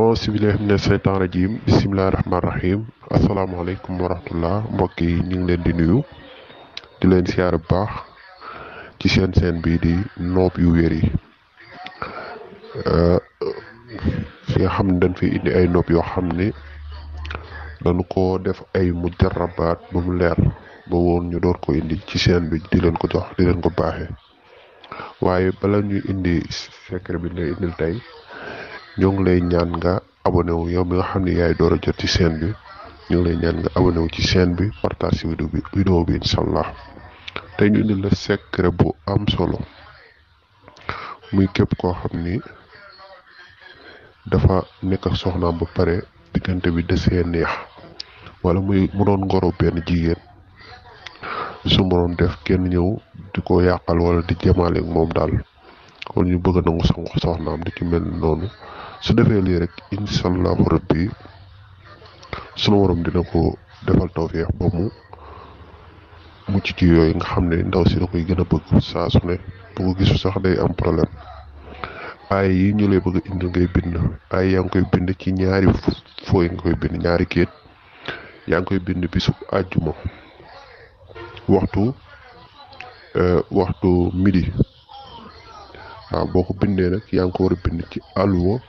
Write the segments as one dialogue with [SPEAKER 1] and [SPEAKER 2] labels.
[SPEAKER 1] auzu billahi minash shaitanir rajim bismillahir rahmanir rahim assalamu alaykum wa rahmatullah mbokk yi ñu ngi leen di nuyu di leen siyaar baax ci seen seen bi di noob yu wér euh fi xam dañ fi indi ay noob dañ ko def ay mujarabaat ba mu leer ba woon ñu door ko indi ci seen bi di leen ko jox di leen ko baaxee waaye bala ñu indi secret bi la indil ñoo ngi lay ñaan nga abonné wu yow bi nga xam yaay door jot ci chaîne bi ñu lay ñaan nga abonné wu ci chaîne bi partage vidéo bi vidéo bi inshallah tay ñu indil la secret bu am solo muy képp koo xam ni dafa nekk soxna soxnaam ba pare diggante bi desee neex wala muy mu doon ngoro benn jigéen su doon def kenn ñëw di ko yàqal wala di jëmaale ak moom daal kon ñu bëgg nangu sangu soxnaam di ci mel noonu su defee lii rek incha allahu rabbi sunu waroom dina ko defal tawféex ba mu mucc ci yooyu nga xam ne ndaw si da koy gën bëgg saa ne bu ko gisu sax day am problème aay yi ñu lay bëgg ngay bind aay yaa ngi koy bind ci ñaari fooy nga koy bind ñaari kéet yaa ngi koy bind bisu àjjuma waxtu euh, waxtu midi waaw boo ko bindee nag yaa ngi ko war bind ci àlluwa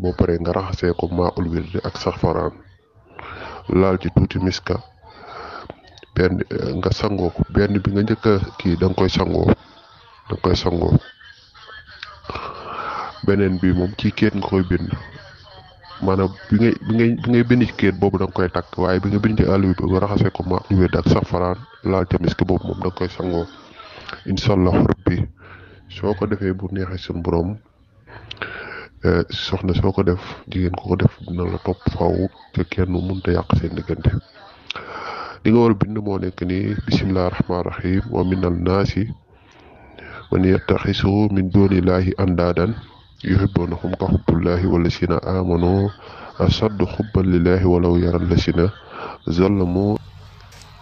[SPEAKER 1] bo paree nga raxasee ko maaqul wirde ak safaraan lal ci tuuti miska ben nga sango ko ben bi nga njëkk ki dang koy sango dang koy sango benen bi mom ci kéet nga koy bind manam bi nga bi nga bi ngay bind ci kéet bobu dang koy tak waye bi nga bind ci alu bi nga raxasee ko maaqul wirde ak safaraan lal ci miska bobu mom dang koy sango inshallah rabbi soko ko bu neexee sun borom soxna soo ko def jigéen ko ko def dina la topp faw te kenn mënta yàq seen diggante li nga war bind moo nekk ni bisimilah rahmaan rahim wa min al naasi man yattaxisu min illahi andaadan yuhibbunahum ka hubbillahi sina amanu ashaddu hubban lillahi walaw yara allasina zalamu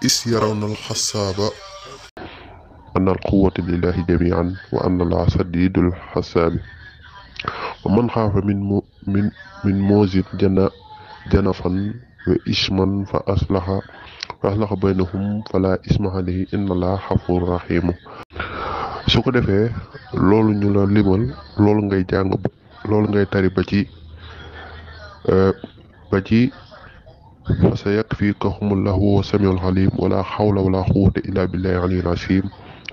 [SPEAKER 1] is yarawna alxasaaba an alquwata lillahi jamian wa an al asadidul ومن خاف من من من موزد جنا جنفا وإشما فأصلح فأصلح بينهم فلا إسم عليه إن الله غفور رحيم su ko defee loolu ñu la limal loolu ngay jàng loolu ngay tari ba ci ba ci fasa yakfikahum allahu wa samiul alim wala hawla wala quwwata illa billahi aliyil azim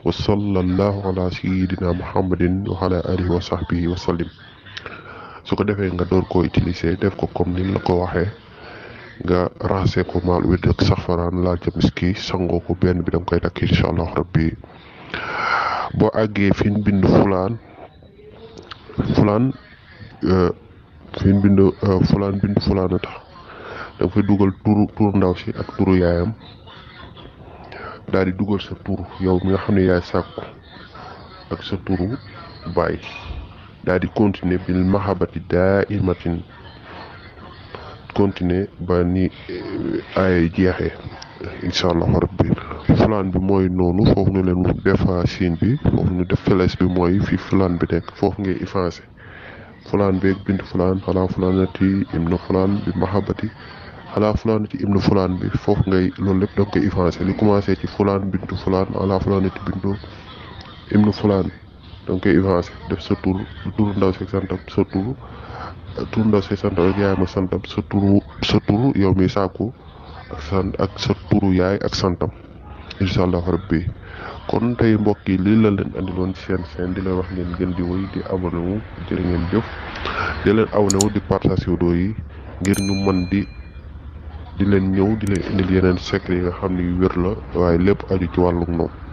[SPEAKER 1] wa sallallahu ala sayyidina muhammadin wa ala alihi wa sahbihi wa sallim su ko defee nga door koo utiliser def ko comme ni la ko waxee nga raxase ko mal wit ak safaraan laal ca miski sangoo ko benn bi da koy takk insha allah rabbi boo àggee fiñ bind fulaan fulaan fi bind fulaan bind fulaan a tax da fay dugal turu turu ndaw si ak turu yaayam daal di dugal sa turu yow mi nga xam ne yaay sàkku ak sa turu bàyyi دادي كونتيني بالمحبة دائمة كونتيني باني آي جيحي إن شاء الله ربي فلان بي موي نونو فوقنو لن دفع سين بي فوقنو دفع فلس بي موي في فلان بي ديك فوقنو إفانسي فلان بيك بنت فلان على فلان تي ابن فلان بمحبة على فلان تي ابن فلان بي فوقنو لن لك دوك إفانسي لكما سيتي فلان بنت فلان على فلان تي بنت ابن فلان بي. da nga def sa tur ndaw si santam sa tur turu si santam ak yaay ma santam sa turu yow mi sàkku ak sant ak sa yaay ak santam incha allahu bi kon tey mbokk yi lii la leen andiloon ci seen seen di leen wax ngeen gën di woy di abonné wu jërë ngeen jëf di leen abonné wu yi ngir ñu mën di di leen ñëw di leen indil yeneen secret yi xam ne yu wér la waaye lépp aju ci wàllum noonu.